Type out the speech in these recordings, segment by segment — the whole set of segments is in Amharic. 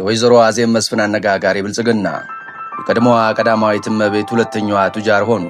የወይዘሮ አዜብ መስፍን አነጋጋሪ ብልጽግና የቀድሞዋ ቀዳማዊት እመቤት ሁለተኛዋ ቱጃር ሆኑ።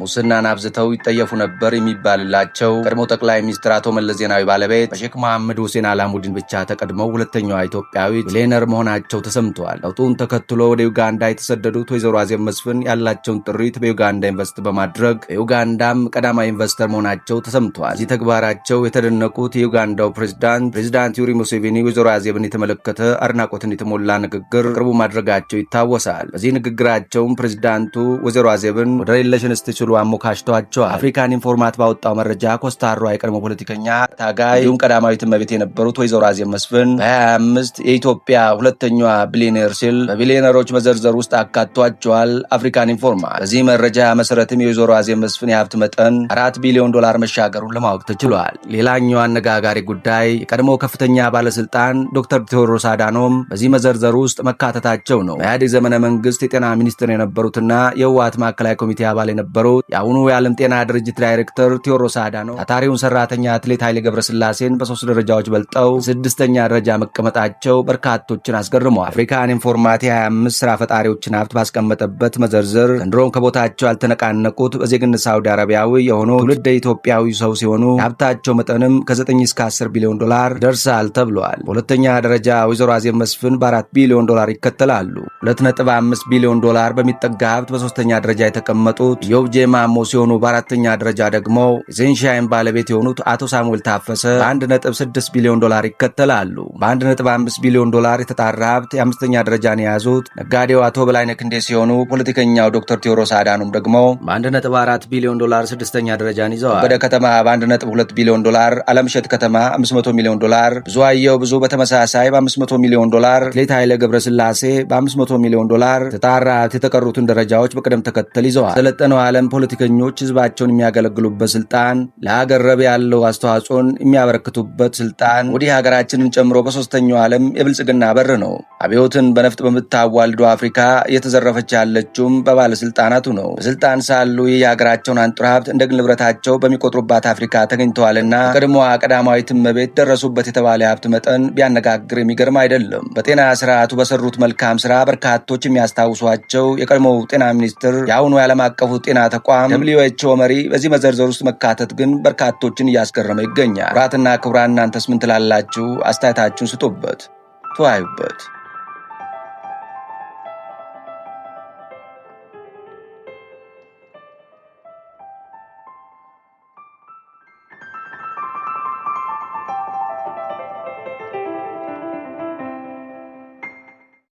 ሙስናን አብዝተው ይጠየፉ ነበር የሚባልላቸው ቀድሞ ጠቅላይ ሚኒስትር አቶ መለስ ዜናዊ ባለቤት በሼክ መሐመድ ሁሴን አላሙዲን ብቻ ተቀድመው ሁለተኛዋ ኢትዮጵያዊት ሚሊየነር መሆናቸው ተሰምተዋል። ለውጡን ተከትሎ ወደ ዩጋንዳ የተሰደዱት ወይዘሮ አዜብ መስፍን ያላቸውን ጥሪት በዩጋንዳ ኢንቨስት በማድረግ በዩጋንዳም ቀዳማዊ ኢንቨስተር መሆናቸው ተሰምተዋል። እዚህ ተግባራቸው የተደነቁት የዩጋንዳው ፕሬዚዳንት ፕሬዚዳንት ዩሪ ሙሴቪኒ ወይዘሮ አዜብን የተመለከተ አድናቆትን የተሞላ ንግግር ቅርቡ ማድረጋቸው ይታወሳል። በዚህ ንግግራቸውም ፕሬዚዳንቱ ወይዘሮ አዜብን ወደ የለሽ ሲሉ አሞካሽተዋቸዋል። አፍሪካን ኢንፎርማት ባወጣው መረጃ ኮስታሯ የቀድሞ ፖለቲከኛ ታጋይ እንዲሁም ቀዳማዊት እመቤት የነበሩት ወይዘሮ አዜብ መስፍን በ25 የኢትዮጵያ ሁለተኛዋ ቢሊዮኔር ሲል በቢሊዮነሮች መዘርዘር ውስጥ አካቷቸዋል። አፍሪካን ኢንፎርማት በዚህ መረጃ መሰረትም የወይዘሮ አዜብ መስፍን የሀብት መጠን አራት ቢሊዮን ዶላር መሻገሩን ለማወቅ ተችሏል። ሌላኛው አነጋጋሪ ጉዳይ የቀድሞ ከፍተኛ ባለስልጣን ዶክተር ቴዎድሮስ አዳኖም በዚህ መዘርዘር ውስጥ መካተታቸው ነው። በኢህአዴግ ዘመነ መንግስት የጤና ሚኒስትር የነበሩትና የህወሓት ማዕከላዊ ኮሚቴ አባል የነበሩ የነበሩት የአሁኑ የዓለም ጤና ድርጅት ዳይሬክተር ቴዎድሮስ አዳነው ታታሪውን ሰራተኛ አትሌት ኃይሌ ገብረስላሴን በሶስት ደረጃዎች በልጠው ስድስተኛ ደረጃ መቀመጣቸው በርካቶችን አስገርመዋል። አፍሪካን ኢንፎርማቲ 25 ስራ ፈጣሪዎችን ሀብት ባስቀመጠበት መዘርዘር ዘንድሮም ከቦታቸው ያልተነቃነቁት በዜግነት ሳውዲ አረቢያዊ የሆኑ ትውልደ ኢትዮጵያዊ ሰው ሲሆኑ የሀብታቸው መጠንም ከ9 እስከ 10 ቢሊዮን ዶላር ደርሳል ተብለዋል። በሁለተኛ ደረጃ ወይዘሮ አዜብ መስፍን በ4 ቢሊዮን ዶላር ይከተላሉ። 2.5 ቢሊዮን ዶላር በሚጠጋ ሀብት በሶስተኛ ደረጃ የተቀመጡት ኢዮብ ማሞ ሲሆኑ በአራተኛ ደረጃ ደግሞ ዜንሻይን ባለቤት የሆኑት አቶ ሳሙኤል ታፈሰ በ1.6 ቢሊዮን ዶላር ይከተላሉ። በ1.5 ቢሊዮን ዶላር የተጣራ ሀብት የአምስተኛ ደረጃን የያዙት ነጋዴው አቶ በላይነህ ክንዴ ሲሆኑ ፖለቲከኛው ዶክተር ቴዎድሮስ አዳኑም ደግሞ በ1.4 ቢሊዮን ዶላር ስድስተኛ ደረጃን ይዘዋል። ወደ ከተማ በ1.2 ቢሊዮን ዶላር አለምሸት ከተማ 500 ሚሊዮን ዶላር ብዙ አየው ብዙ በተመሳሳይ በ500 ሚሊዮን ዶላር ሌት ኃይለ ገብረስላሴ በ500 ሚሊዮን ዶላር ተጣራ የተቀሩትን ደረጃዎች በቅደም ተከተል ይዘዋል። የሰለጠነው ዓለም ፖለቲከኞች ህዝባቸውን የሚያገለግሉበት ስልጣን፣ ለሀገር ረብ ያለው አስተዋጽኦን የሚያበረክቱበት ስልጣን ወዲህ ሀገራችንን ጨምሮ በሶስተኛው ዓለም የብልጽግና በር ነው። አብዮትን በነፍጥ በምታዋልዶ አፍሪካ እየተዘረፈች ያለችውም በባለስልጣናቱ ነው። በስልጣን ሳሉ የሀገራቸውን አንጡር ሀብት እንደ ግል ንብረታቸው በሚቆጥሩባት አፍሪካ ተገኝተዋልና ቀድሞዋ ቀዳማዊት እመቤት ደረሱበት የተባለ ሀብት መጠን ቢያነጋግር የሚገርም አይደለም። በጤና ስርዓቱ በሰሩት መልካም ስራ በርካቶች የሚያስታውሷቸው የቀድሞው ጤና ሚኒስትር የአሁኑ የዓለም አቀፉ ጤና አቋም ደብሊው መሪ በዚህ መዘርዘር ውስጥ መካተት ግን በርካቶችን እያስገረመ ይገኛል። ኩራትና ክቡራን እናንተስ ምን ትላላችሁ? አስተያየታችሁን ስጡበት፣ ተወያዩበት።